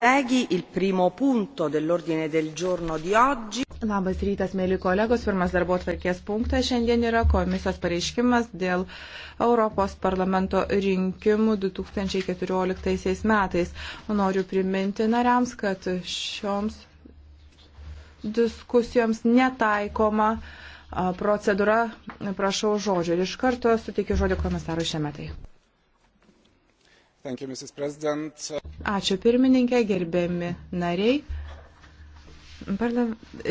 Labas rytas, mėly kolegos. Pirmas darbo atvarkės punktas šiandien yra komisijos pareiškimas dėl Europos parlamento rinkimų 2014 metais. Noriu priminti nariams, kad šioms diskusijoms netaikoma procedūra, prašau žodžio. Ir iš karto suteikiu žodį komisarui šiame metai. Ačiū pirmininkė, gerbiami nariai. Parla...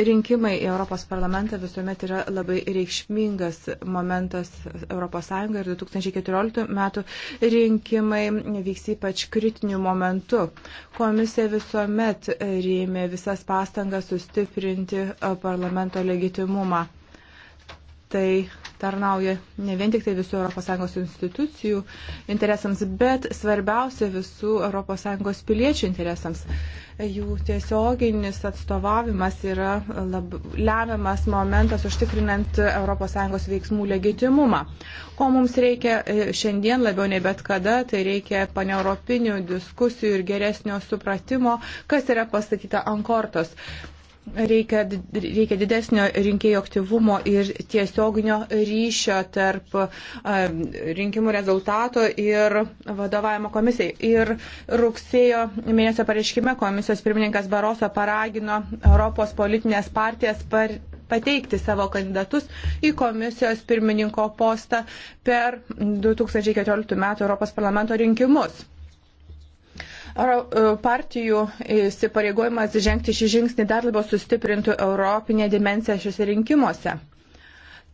Rinkimai į Europos parlamentą visuomet yra labai reikšmingas momentas ES ir 2014 metų rinkimai vyks ypač kritiniu momentu. Komisija visuomet rėmė visas pastangas sustiprinti parlamento legitimumą. Tai tarnauja ne vien tik tai visų ES institucijų interesams, bet svarbiausia visų ES piliečių interesams. Jų tiesioginis atstovavimas yra lab, lemiamas momentas užtikrinant ES veiksmų legitimumą. Ko mums reikia e, šiandien labiau nei bet kada, tai reikia paneuropinių diskusijų ir geresnio supratimo, kas yra pasakyta ant kortos reikia, reikia didesnio rinkėjų aktyvumo ir tiesioginio ryšio tarp rinkimų rezultato ir vadovavimo komisijai. Ir rugsėjo mėnesio pareiškime komisijos pirmininkas Baroso paragino Europos politinės partijas par pateikti savo kandidatus į komisijos pirmininko postą per 2014 m. Europos parlamento rinkimus. E, partijų įsipareigojimas žengti šį žingsnį dar labiau sustiprintų Europinę dimenciją šiuose rinkimuose.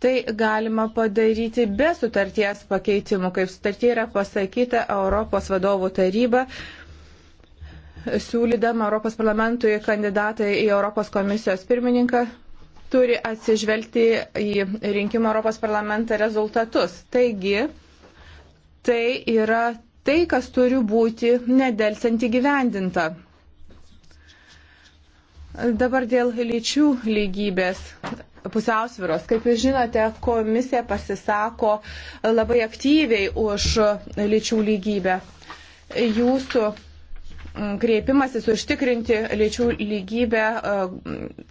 Tai galima padaryti be sutarties pakeitimų, kaip sutartie yra pasakyta Europos vadovų taryba siūlydama Europos parlamentui kandidatą į Europos komisijos pirmininką turi atsižvelgti į rinkimų Europos parlamentą rezultatus. Taigi, tai yra tai, kas turi būti nedelsiant įgyvendinta. Dabar dėl lyčių lygybės pusiausviros. Kaip jūs žinote, komisija pasisako labai aktyviai už lyčių lygybę. Jūsų kreipimasis užtikrinti lyčių lygybę e,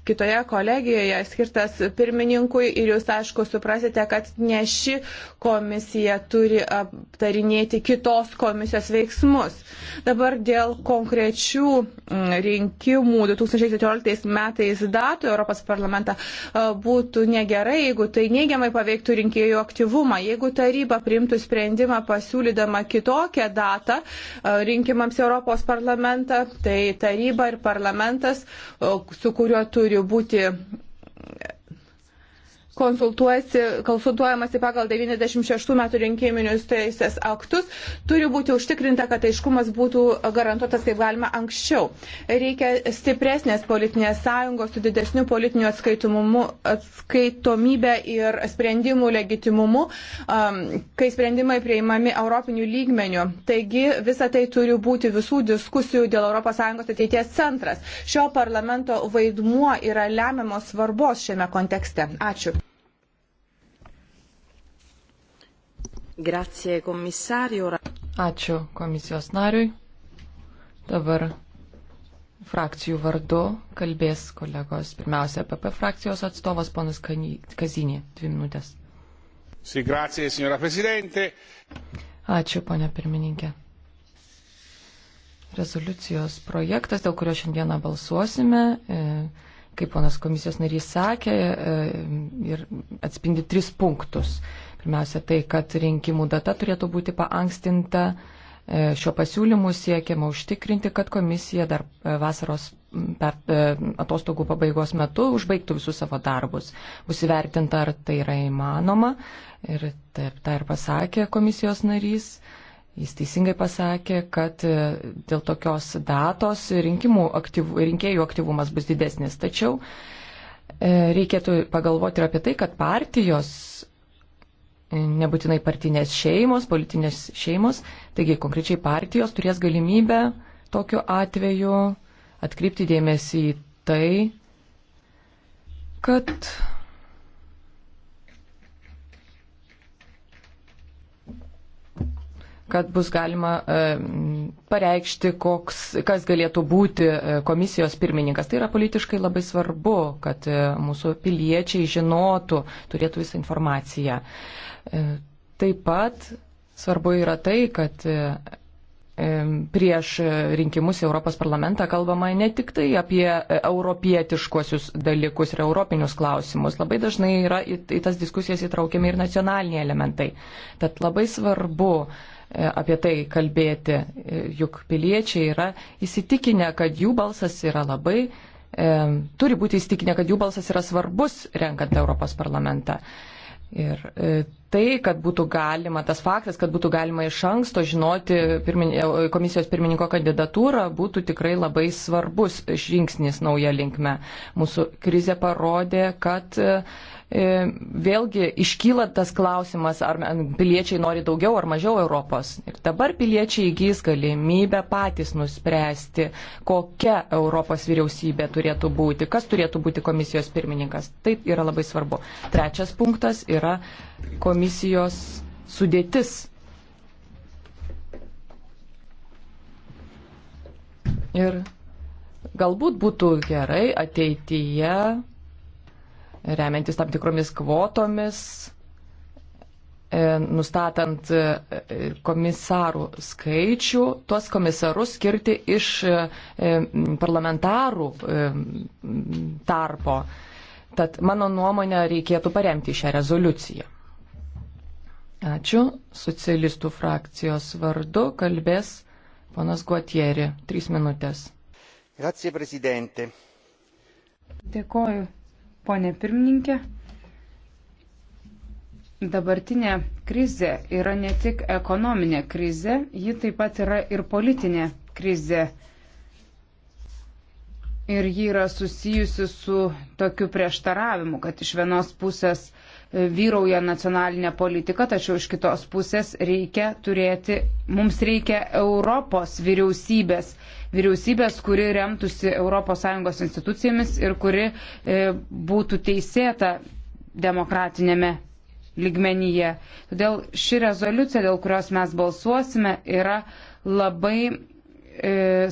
kitoje kolegijoje skirtas pirmininkui ir jūs aišku suprasite, kad ne ši komisija turi aptarinėti kitos komisijos veiksmus. Dabar dėl konkrečių mm, rinkimų 2014 metais datų Europos parlamentą e, būtų negerai, jeigu tai neigiamai paveiktų rinkėjų aktyvumą. Jeigu taryba priimtų sprendimą pasiūlydama kitokią datą e, rinkimams Europos parlamentą, reglamentą, tai taryba ir parlamentas, su kuriuo turi būti konsultuojamasi pagal 96 metų rinkiminius teisės aktus, turi būti užtikrinta, kad aiškumas būtų garantuotas kaip galima anksčiau. Reikia stipresnės politinės sąjungos su didesniu politiniu atskaitomybė ir sprendimų legitimumu, um, kai sprendimai prieimami europinių lygmenių. Taigi visa tai turi būti visų diskusijų dėl ES ateities centras. Šio parlamento vaidmuo yra lemiamos svarbos šiame kontekste. Ačiū. Grazie, komisario. Ačiū komisijos nariui. Dabar frakcijų vardu kalbės kolegos, pirmiausia, PP frakcijos atstovas ponas Kazinė, dvi minutės. Si, grazie, signora Presidente. Ačiū, ponia pirmininkė. Rezoliucijos projektas, dėl kurio šiandieną balsuosime, e, kaip ponas komisijos narys sakė, e, ir atspindi tris punktus. Pirmiausia, tai, kad rinkimų data turėtų būti paankstinta. E, Šiuo pasiūlymu siekiama užtikrinti, kad komisija dar e, vasaros per, e, atostogų pabaigos metu užbaigtų visus savo darbus. Bus įvertinta, ar tai yra įmanoma. Ir taip, tą ir pasakė komisijos narys. Jis teisingai pasakė, kad dėl tokios datos aktyvų, rinkėjų aktyvumas bus didesnis. Tačiau reikėtų pagalvoti ir apie tai, kad partijos nebūtinai partinės šeimos, politinės šeimos, taigi konkrečiai partijos turės galimybę tokiu atveju atkreipti dėmesį į tai, kad kad bus galima e, pareikšti, koks, kas galėtų būti e, komisijos pirmininkas. Tai yra politiškai labai svarbu, kad e, mūsų piliečiai žinotų, turėtų visą informaciją. Taip pat svarbu yra tai, kad prieš rinkimus į Europos parlamentą kalbama ne tik tai apie europietiškuosius dalykus ir europinius klausimus. Labai dažnai yra į, į tas diskusijas įtraukiami ir nacionaliniai elementai. Tad labai svarbu, E, apie tai kalbėti, e, juk piliečiai yra įsitikinę, kad jų balsas yra labai, e, turi būti įsitikinę, kad jų balsas yra svarbus renkant Europos parlamentą. Ir e, tai, kad būtų galima, tas faktas, kad būtų galima iš anksto žinoti pirmin, e, komisijos pirmininko kandidatūrą, būtų tikrai labai svarbus žingsnis nauja linkme. Mūsų krizė parodė, kad e, E, vėlgi iškyla tas klausimas, ar piliečiai nori daugiau ar mažiau Europos. Ir dabar piliečiai įgys galimybę patys nuspręsti, kokia Europos vyriausybė turėtų būti, kas turėtų būti komisijos pirmininkas. Tai yra labai svarbu. Trečias punktas yra komisijos sudėtis. Ir galbūt būtų gerai ateityje remiantis tam tikromis kvotomis, e, nustatant e, komisarų skaičių, tuos komisarus skirti iš e, parlamentarų tarpo. Tad mano nuomonė reikėtų paremti šią rezoliuciją. Ačiū. Socialistų frakcijos vardu kalbės ponas Guatieri. Trys minutės. Grazie, prezidente. Dėkoju, Pone pirmininkė, dabartinė krizė yra ne tik ekonominė krizė, ji taip pat yra ir politinė krizė. Ir ji yra susijusi su tokiu prieštaravimu, kad iš vienos pusės uh, vyrauja nacionalinė politika, tačiau iš kitos pusės reikia turėti, mums reikia Europos vyriausybės, vyriausybės, kuri remtųsi ES institucijomis ir kuri e, būtų teisėta demokratinėme lygmenyje. Todėl ši rezoliucija, dėl kurios mes balsuosime, yra labai e,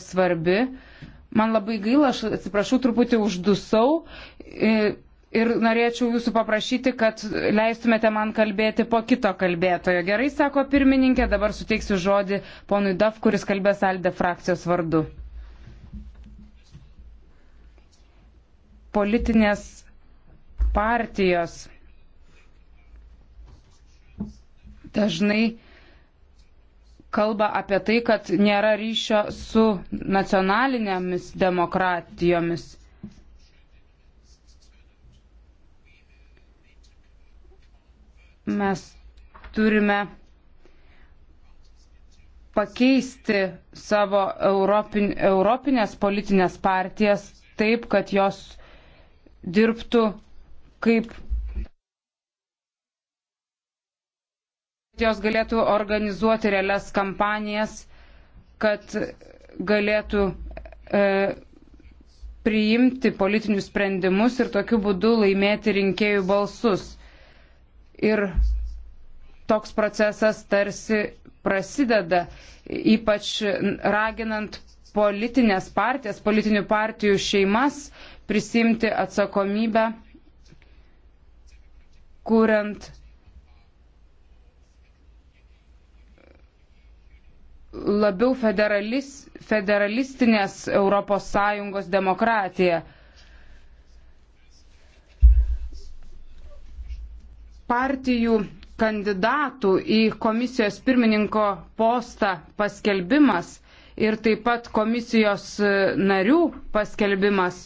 svarbi. Man labai gaila, aš atsiprašau, truputį uždusau. E, ir norėčiau jūsų paprašyti, kad leistumėte man kalbėti po kito kalbėtojo. Gerai, sako pirmininkė, dabar suteiksiu žodį ponui Daf, kuris kalbės Alde frakcijos vardu. Politinės partijos dažnai kalba apie tai, kad nėra ryšio su nacionalinėmis demokratijomis mes turime pakeisti savo europin, europinės politinės partijas taip, kad jos dirbtų kaip jos galėtų organizuoti realias kampanijas, kad galėtų e, priimti politinius sprendimus ir tokiu būdu laimėti rinkėjų balsus. Ir toks procesas tarsi prasideda, ypač raginant politinės partijas, politinių partijų šeimas prisimti atsakomybę, kuriant labiau federalis, federalistinės ES demokratiją. Partijų kandidatų į komisijos pirmininko postą paskelbimas ir taip pat komisijos e, narių paskelbimas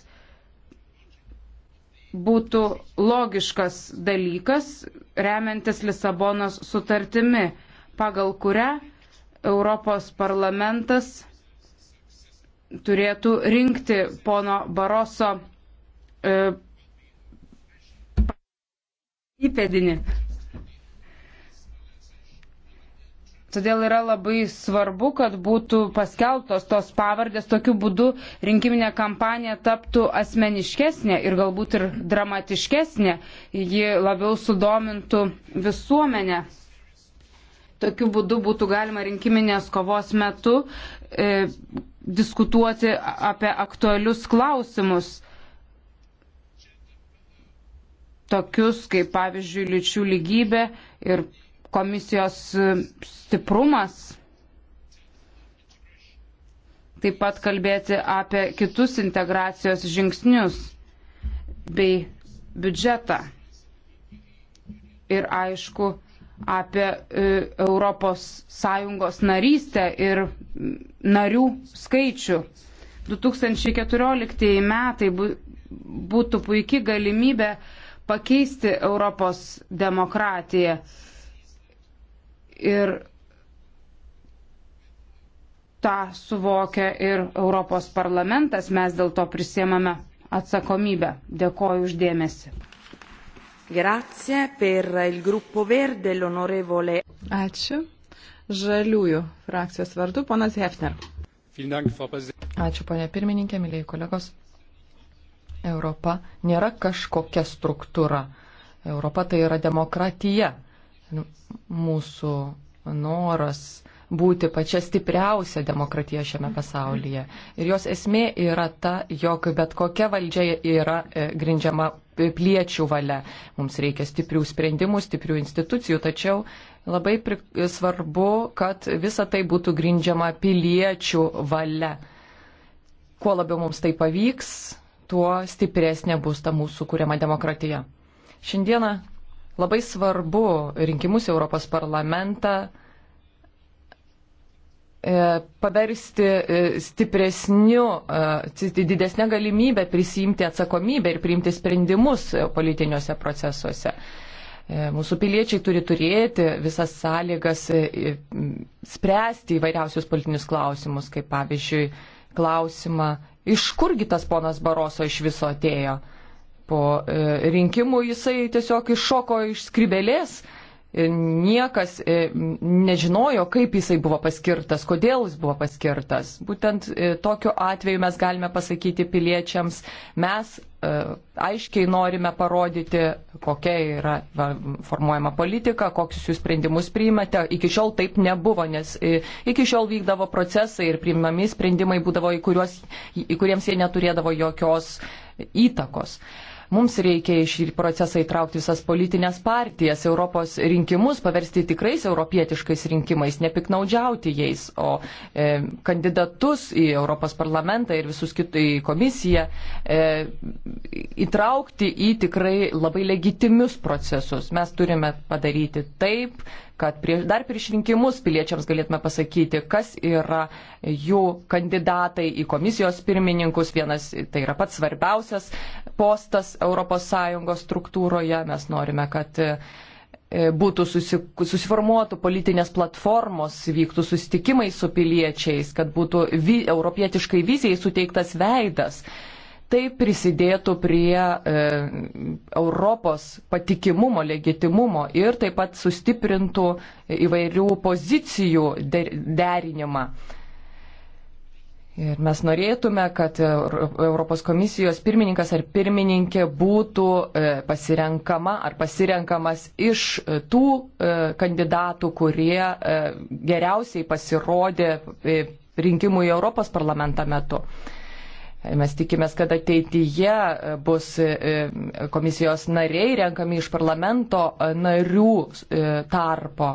būtų logiškas dalykas, remiantis Lisabonos sutartimi, pagal kurią Europos parlamentas turėtų rinkti pono Baroso e, įpėdinį. Todėl yra labai svarbu, kad būtų paskeltos tos pavardės, tokiu būdu rinkiminė kampanija taptų asmeniškesnė ir galbūt ir dramatiškesnė, ji labiau sudomintų visuomenę. Tokiu būdu būtų galima rinkiminės kovos metu e, diskutuoti apie aktualius klausimus, tokius kaip pavyzdžiui lyčių lygybė ir komisijos e, stiprumas, taip pat kalbėti apie kitus integracijos žingsnius bei biudžetą ir aišku apie ES narystę ir narių skaičių. 2014 metai būtų puikia galimybė pakeisti Europos demokratiją. Ir tą suvokia ir Europos parlamentas, mes dėl to prisiemame atsakomybę. Dėkoju uždėmesi. Grazie per il gruppo verde l'onorevole. Ačiū. Žaliųjų frakcijos vardu ponas Hefner. Ačiū, ponė pirmininkė, mėlyje kolegos. Europa nėra kažkokia struktūra. Europa tai yra demokratija. Nu, mūsų noras būti pačia stipriausia demokratija šiame pasaulyje. Ir jos esmė yra ta, jog bet kokia valdžia yra e, grindžiama piliečių valia. Mums reikia stiprių sprendimų, stiprių institucijų, tačiau labai svarbu, kad visa tai būtų grindžiama piliečių valia. Kuo labiau mums tai pavyks, tuo stipresnė bus ta mūsų kuriama demokratija. Šiandieną Labai svarbu rinkimus Europos parlamentą e, paversti e, stipresniu, e, didesnę galimybę prisimti atsakomybę ir priimti sprendimus politiniuose procesuose. Mūsų piliečiai turi turėti visas sąlygas spręsti įvairiausius politinius klausimus, kaip pavyzdžiui klausimą, iš kurgi tas ponas Baroso iš viso atėjo po e, rinkimų jisai tiesiog iššoko iš skribelės. E, niekas e, nežinojo, kaip jisai buvo paskirtas, kodėl jis buvo paskirtas. Būtent tokiu atveju mes galime pasakyti piliečiams, mes aiškiai norime parodyti, kokia yra formuojama politika, kokius jūs sprendimus priimate. Iki šiol taip nebuvo, nes iki šiol vykdavo procesai ir priimami sprendimai būdavo, į, kuriuos, į kuriems jie neturėdavo jokios įtakos. Uh, Mums reikia į šį procesą įtraukti visas politinės partijas, Europos rinkimus paversti tikrais europietiškais rinkimais, nepiknaudžiauti jais, o e, kandidatus į Europos parlamentą ir visus kitų į komisiją e, įtraukti į tikrai labai legitimius procesus. Mes turime padaryti taip, kad prie, dar prieš rinkimus piliečiams galėtume pasakyti, kas yra jų kandidatai į komisijos pirmininkus. Vienas tai yra pats svarbiausias postas ES struktūroje. Mes norime, kad e, būtų susi, susiformuotų politinės platformos, vyktų susitikimai su piliečiais, kad būtų vi, europietiškai vizijai suteiktas veidas. Uh, tai prisidėtų prie e, Europos patikimumo, legitimumo ir taip pat sustiprintų įvairių pozicijų derinimą. Ir mes norėtume, kad Europos komisijos pirmininkas ar pirmininkė būtų e, pasirenkama ar pasirenkamas iš tų e, kandidatų, kurie e, geriausiai pasirodė rinkimų į Europos parlamentą metu. Mes tikimės, kad ateityje e, bus e, komisijos nariai renkami iš parlamento e, narių tarpo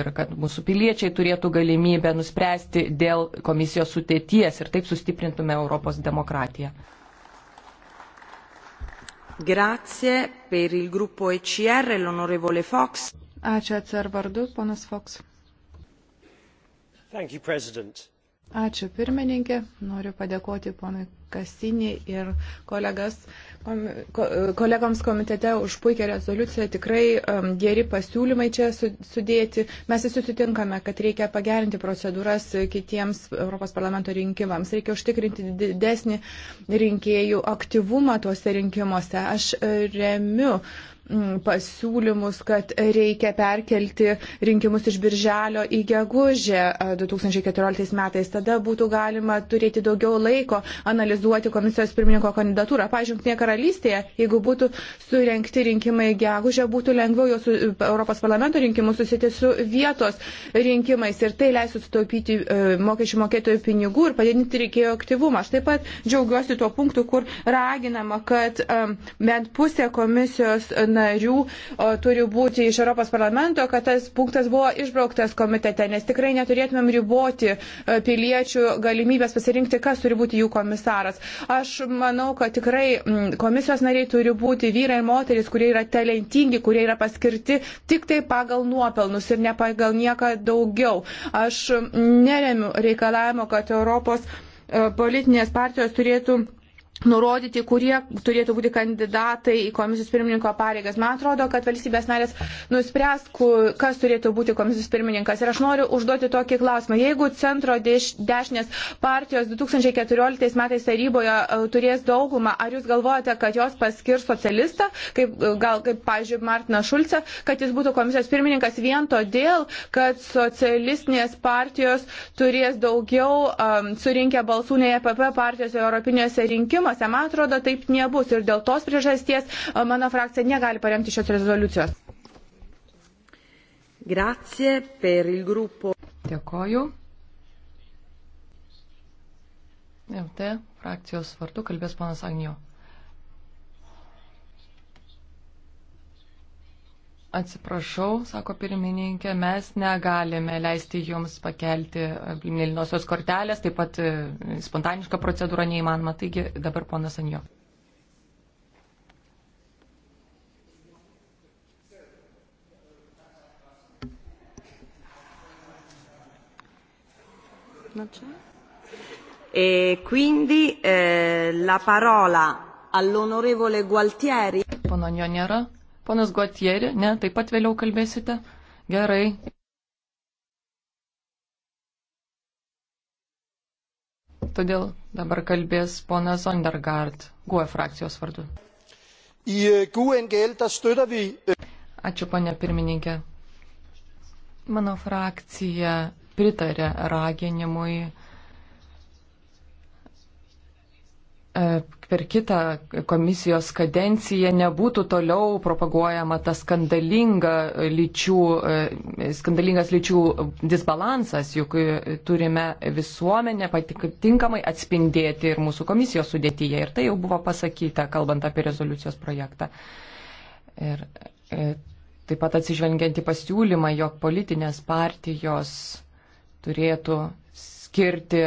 ir kad mūsų piliečiai turėtų galimybę nuspręsti dėl komisijos sutėties ir taip sustiprintume Europos demokratiją. Grazie per il gruppo ECR, l'onorevole Fox. Ačiū atsar vardu, ponas Fox. Thank you, President. Ačiū pirmininkė. Noriu padėkoti ponui Kasinį ir kolegas, kom, ko, kolegoms komitete už puikią rezoliuciją. Tikrai um, geri pasiūlymai čia su, sudėti. Mes visi sutinkame, kad reikia pagerinti procedūras kitiems Europos parlamento rinkimams. Reikia užtikrinti didesnį rinkėjų aktyvumą tuose rinkimuose. Aš e, remiu uh, Mm, pasiūlymus, kad reikia perkelti rinkimus iš birželio į gegužę 2014 metais. Tada būtų galima turėti daugiau laiko analizuoti komisijos pirmininko kandidatūrą. Pavyzdžiui, Junktinėje karalystėje, jeigu būtų surenkti rinkimai gegužę, būtų lengviau jos Europos parlamento rinkimus susiti su vietos rinkimais ir tai leisų sutaupyti e, mokesčių mokėtojų pinigų ir padidinti reikėjo aktyvumą. Aš taip pat džiaugiuosi tuo punktu, kur raginama, kad e, bent pusė komisijos narių narių o, turi būti iš Europos parlamento, kad tas punktas buvo išbrauktas komitete, nes tikrai neturėtumėm riboti e, piliečių galimybės pasirinkti, kas turi būti jų komisaras. Aš manau, kad tikrai komisijos nariai turi būti vyrai ir moteris, kurie yra talentingi, kurie yra paskirti tik tai pagal nuopelnus ir ne pagal nieką daugiau. Aš neremiu reikalavimo, kad Europos e, politinės partijos turėtų nurodyti, kurie turėtų būti kandidatai į komisijos pirmininko pareigas. Man atrodo, kad valstybės narės nuspręs, kas turėtų būti komisijos pirmininkas. Ir aš noriu užduoti tokį klausimą. Jeigu centro deš, dešinės partijos 2014 metais taryboje e, turės daugumą, ar jūs galvojate, kad jos paskirs socialistą, kaip, e, gal kaip, pavyzdžiui, Martiną Šulcą, kad jis būtų komisijos pirmininkas vien todėl, kad socialistinės partijos turės daugiau um, surinkę balsų nei EPP partijos Europinėse rinkimuose? rinkimuose. Man atrodo, taip nebus. Ir dėl tos priežasties e, mano frakcija negali paremti šios rezoliucijos. Grazie per il gruppo. Dėkoju. MT frakcijos vardu kalbės panas Agnijo. Atsiprašau, sako pirmininkė, mes negalime leisti jums pakelti mėlynosios kortelės, taip pat e, spontaniška procedūra neįmanoma. Taigi dabar ponas Anjo. E quindi eh, la parola all'onorevole Gualtieri. Pono Anjo nėra. Ponas Guatieri, ne, taip pat vėliau kalbėsite. Gerai. Todėl dabar kalbės ponas Sondergaard, GUE frakcijos vardu. Øh, øh, Ačiū, ponė pirmininkė. Mano frakcija pritarė raginimui E, per kitą komisijos kadenciją nebūtų toliau propaguojama ta skandalinga lyčių, e, skandalingas lyčių disbalansas, juk e, turime visuomenę patinkamai atspindėti ir mūsų komisijos sudėtyje. Ir tai jau buvo pasakyta, kalbant apie rezoliucijos projektą. Ir taip pat atsižvelgianti pasiūlymą, jog politinės partijos turėtų skirti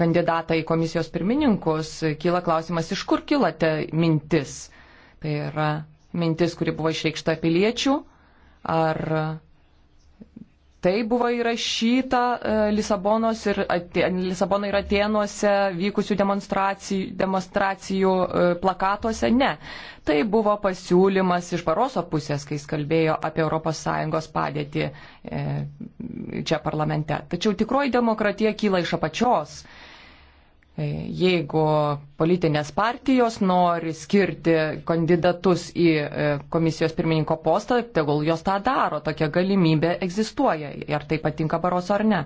kandidatą į komisijos pirmininkus, kyla klausimas, iš kur kyla ta mintis. Tai yra mintis, kuri buvo išreikšta piliečių ar tai buvo įrašyta e, Lisabonos ir Lisabono ir Atenuose vykusių demonstracijų, demonstracijų e, plakatuose. Ne. Tai buvo pasiūlymas iš Baroso pusės, kai jis kalbėjo apie ES padėtį e, čia parlamente. Tačiau tikroji demokratija kyla iš apačios. E, jeigu politinės partijos nori skirti kandidatus į e, komisijos pirmininko postą, tegul jos tą daro, tokia galimybė egzistuoja, ar tai patinka Baroso ar ne.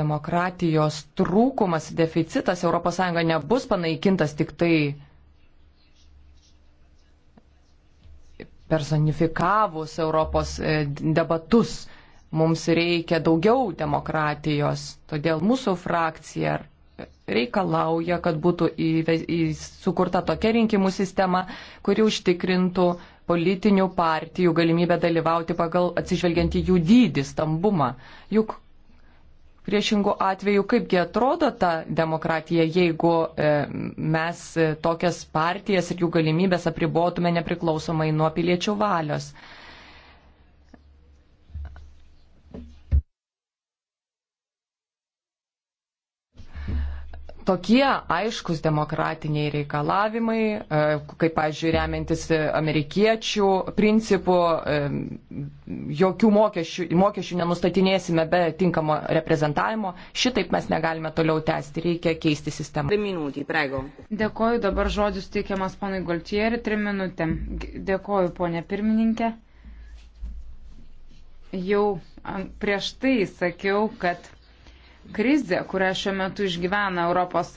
Demokratijos trūkumas, deficitas ES nebus panaikintas tik tai personifikavus Europos e, debatus mums reikia daugiau demokratijos. Todėl mūsų frakcija reikalauja, kad būtų į, į, sukurta tokia rinkimų sistema, kuri užtikrintų politinių partijų galimybę dalyvauti pagal atsižvelgiant į jų dydį, stambumą. Juk priešingų atvejų, kaipgi atrodo ta demokratija, jeigu e, mes tokias partijas ir jų galimybės apribotume nepriklausomai nuo piliečių valios. tokie aiškus demokratiniai reikalavimai, e, kaip, pavyzdžiui, remiantis e, amerikiečių principų, e, jokių mokesčių, mokesčių nenustatinėsime be tinkamo reprezentavimo, šitaip mes negalime toliau tęsti, reikia keisti sistemą. Minutį, prego. Dėkoju, dabar žodis teikiamas ponui Goltieri, trim minutėm. Dėkoju, ponė pirmininkė. Jau prieš tai sakiau, kad krizė, kurią šiuo metu išgyvena ES,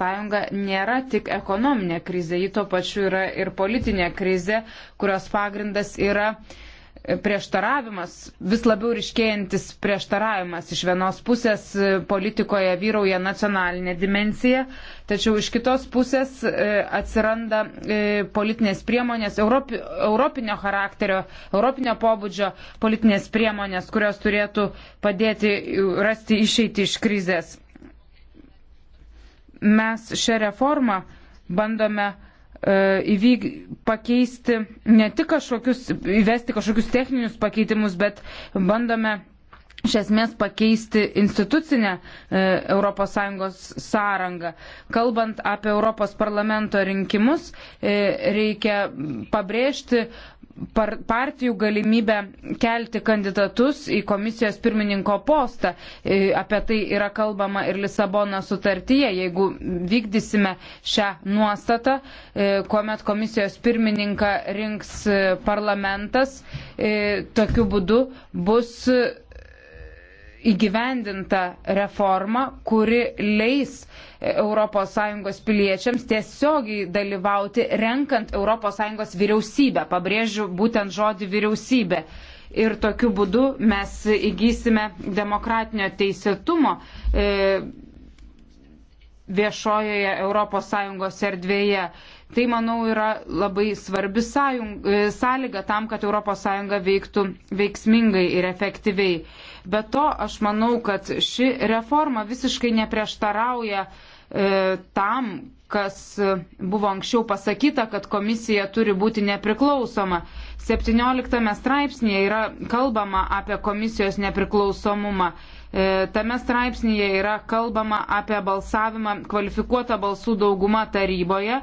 nėra tik ekonominė krizė, ji tuo pačiu yra ir politinė krizė, kurios pagrindas yra uh, prieštaravimas, vis labiau ryškėjantis prieštaravimas. Iš vienos pusės politikoje vyrauja nacionalinė dimensija, tačiau iš kitos pusės e, atsiranda e, politinės priemonės, europi, europinio charakterio, europinio pobūdžio politinės priemonės, kurios turėtų padėti rasti išeitį iš krizės. Mes šią reformą bandome E, įvyk, pakeisti ne tik kažkokius, įvesti kažkokius techninius pakeitimus, bet bandome iš esmės pakeisti institucinę ES sąrangą. Kalbant apie Europos parlamento rinkimus, e, reikia pabrėžti par, partijų galimybę kelti kandidatus į komisijos pirmininko postą. E, apie tai yra kalbama ir Lisabono sutartyje. Jeigu vykdysime šią nuostatą, e, kuomet komisijos pirmininką rinks e, parlamentas, tokiu būdu bus įgyvendinta reforma, kuri leis ES piliečiams tiesiogiai dalyvauti renkant ES vyriausybę. Pabrėžiu būtent žodį vyriausybė. Ir tokiu būdu mes įgysime demokratinio teisėtumo e, viešojoje ES erdvėje. Tai, manau, yra labai svarbi sąjung, e, sąlyga tam, kad ES veiktų veiksmingai ir efektyviai. Be to, aš manau, kad ši reforma visiškai neprieštarauja e, tam, kas buvo anksčiau pasakyta, kad komisija turi būti nepriklausoma. 17 straipsnėje yra kalbama apie komisijos nepriklausomumą. E, tame straipsnėje yra kalbama apie balsavimą kvalifikuotą balsų daugumą taryboje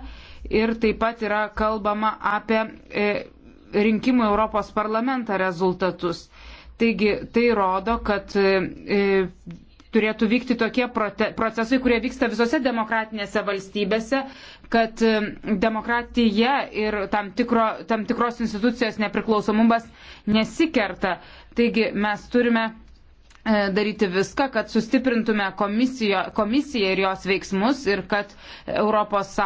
ir taip pat yra kalbama apie e, rinkimų Europos parlamentą rezultatus. Taigi tai rodo, kad e, e, turėtų vykti tokie procesai, kurie vyksta visose demokratinėse valstybėse, kad e, demokratija ir tam, tikro, tam tikros institucijos nepriklausomumas nesikerta. Taigi mes turime daryti viską, kad sustiprintume komisiją ir jos veiksmus ir kad ES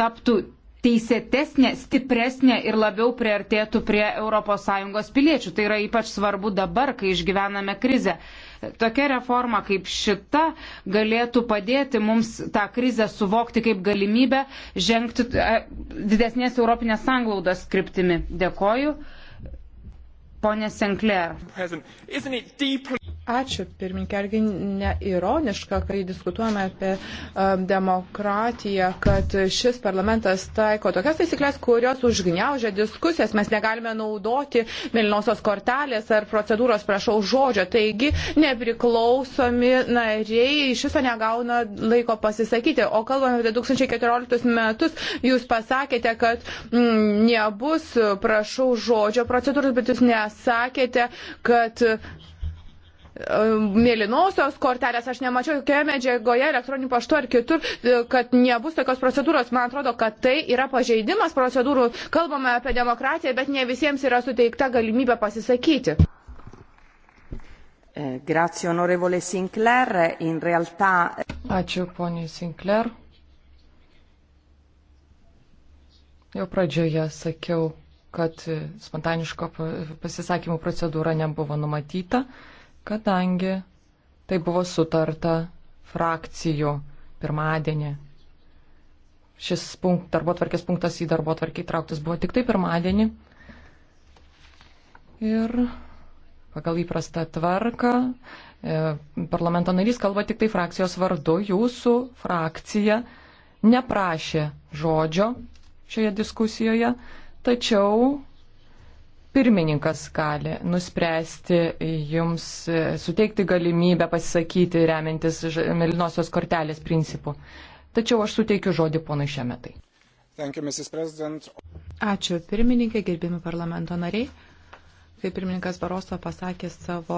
taptų teisėtesnė, stipresnė ir labiau priartėtų prie ES piliečių. Tai yra ypač svarbu dabar, kai išgyvename krizę. Tokia reforma kaip šita galėtų padėti mums tą krizę suvokti kaip galimybę žengti e, didesnės Europinės sanglaudos kryptimi. Dėkoju. Pone Sinclair. Ačiū, pirmininkė, argi neironiška, kai diskutuojame apie um, demokratiją, kad šis parlamentas taiko tokias taisyklės, kurios užgniaužia diskusijas, mes negalime naudoti mėlynosios kortelės ar procedūros, prašau, žodžio. Taigi, nepriklausomi nariai iš viso negauna laiko pasisakyti. O kalbame apie 2014 metus, jūs pasakėte, kad m, mm, nebus, prašau, žodžio procedūros, bet jūs nesakėte, kad mėlynosios kortelės, aš nemačiau jokioje medžiagoje, elektroniniu paštu ar kitur, kad nebus tokios procedūros. Man atrodo, kad tai yra pažeidimas procedūrų. Kalbame apie demokratiją, bet ne visiems yra suteikta galimybė pasisakyti. Eh, grazie, onorevole Sinclair. In realtà... Eh, Ačiū, poniai Sinclair. Jau pradžioje sakiau, kad spontaniško pasisakymų procedūra nebuvo numatyta kadangi tai buvo sutarta frakcijų pirmadienį. Šis punkt, darbo tvarkės punktas į darbo tvarkį įtrauktas buvo tik tai pirmadienį. Ir pagal įprastą tvarką e, parlamento narys kalba tik tai frakcijos vardu. Jūsų frakcija neprašė žodžio šioje diskusijoje, tačiau pirmininkas gali nuspręsti jums suteikti galimybę pasisakyti remiantis melinosios kortelės principu. Tačiau aš suteikiu žodį ponui Šemetai. Ačiū pirmininkė, gerbimi parlamento nariai. Kaip pirmininkas Baroso pasakė savo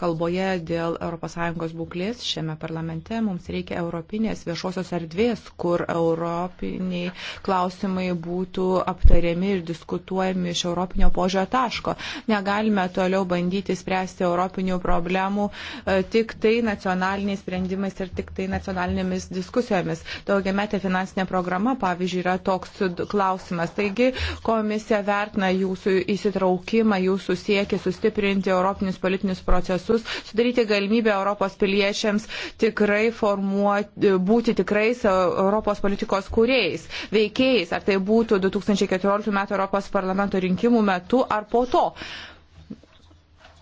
kalboje dėl ES būklės šiame parlamente, mums reikia europinės viešosios erdvės, kur europiniai klausimai būtų aptariami ir diskutuojami iš europinio požio taško. Negalime toliau bandyti spręsti europinių problemų tik tai nacionaliniais sprendimais ir tik tai nacionalinėmis diskusijomis. Daugiametė finansinė programa, pavyzdžiui, yra toks klausimas. Taigi komisija vertina jūsų įsitraukimą, jūsų jūsų siekį sustiprinti europinius politinius procesus, sudaryti galimybę Europos piliečiams tikrai formuoti, būti tikrais Europos politikos kūrėjais, veikėjais, ar tai būtų 2014 m. Europos parlamento rinkimų metu ar po to.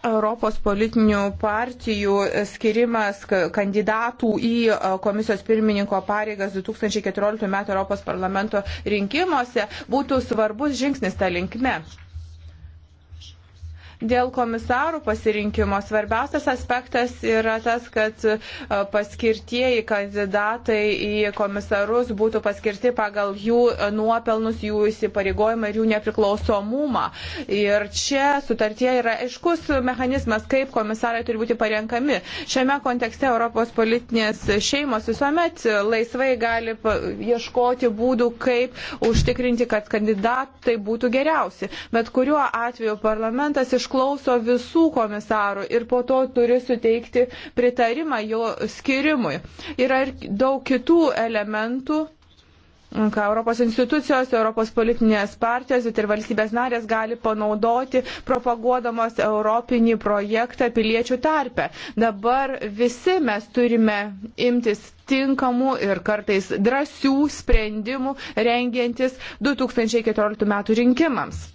Europos politinių partijų skirimas kandidatų į e, komisijos pirmininko pareigas 2014 m. Europos parlamento rinkimuose būtų svarbus žingsnis tą linkme. Dėl komisarų pasirinkimo svarbiausias aspektas yra tas, kad e, paskirtieji kandidatai į komisarus būtų paskirti pagal jų nuopelnus, jų įsipareigojimą ir jų nepriklausomumą. Ir čia sutartie yra aiškus mechanizmas, kaip komisarai turi būti parenkami. Šiame kontekste Europos politinės šeimos visuomet laisvai gali ieškoti būdų, kaip užtikrinti, kad kandidatai būtų geriausi. Bet kuriuo atveju parlamentas iš išklauso visų komisarų ir po to turi suteikti pritarimą jo skirimui. Yra ir daug kitų elementų ką Europos institucijos, Europos politinės partijos ir valstybės narės gali panaudoti, propaguodamos Europinį projektą piliečių tarpe. Dabar visi mes turime imtis tinkamų ir kartais drąsių sprendimų rengiantis 2014 metų rinkimams.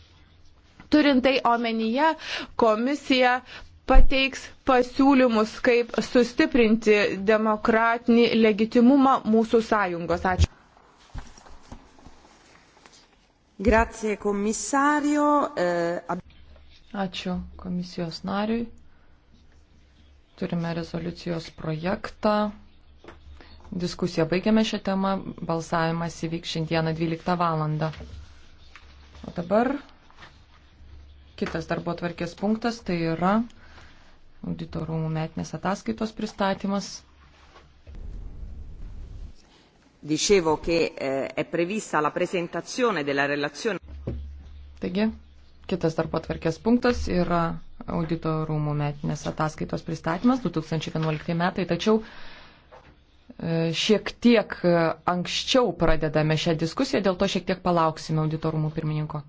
Turint tai omenyje, komisija pateiks pasiūlymus, kaip sustiprinti demokratinį legitimumą mūsų sąjungos. Ačiū. Grazie, komisario. Eh, Ačiū komisijos nariui. Turime rezoliucijos projektą. Diskusiją baigiame šią temą. Balsavimas įvyks šiandieną 12 val. O dabar Kitas darbo tvarkės punktas tai yra auditorumų metinės ataskaitos pristatymas. Dicevo che eh, è prevista la presentazione della relazione. Taigi, kitas darbo tvarkės punktas yra auditorumų metinės ataskaitos pristatymas 2011 metai, tačiau e, šiek tiek e, anksčiau pradedame šią diskusiją, dėl to šiek tiek palauksime auditorumų pirmininko.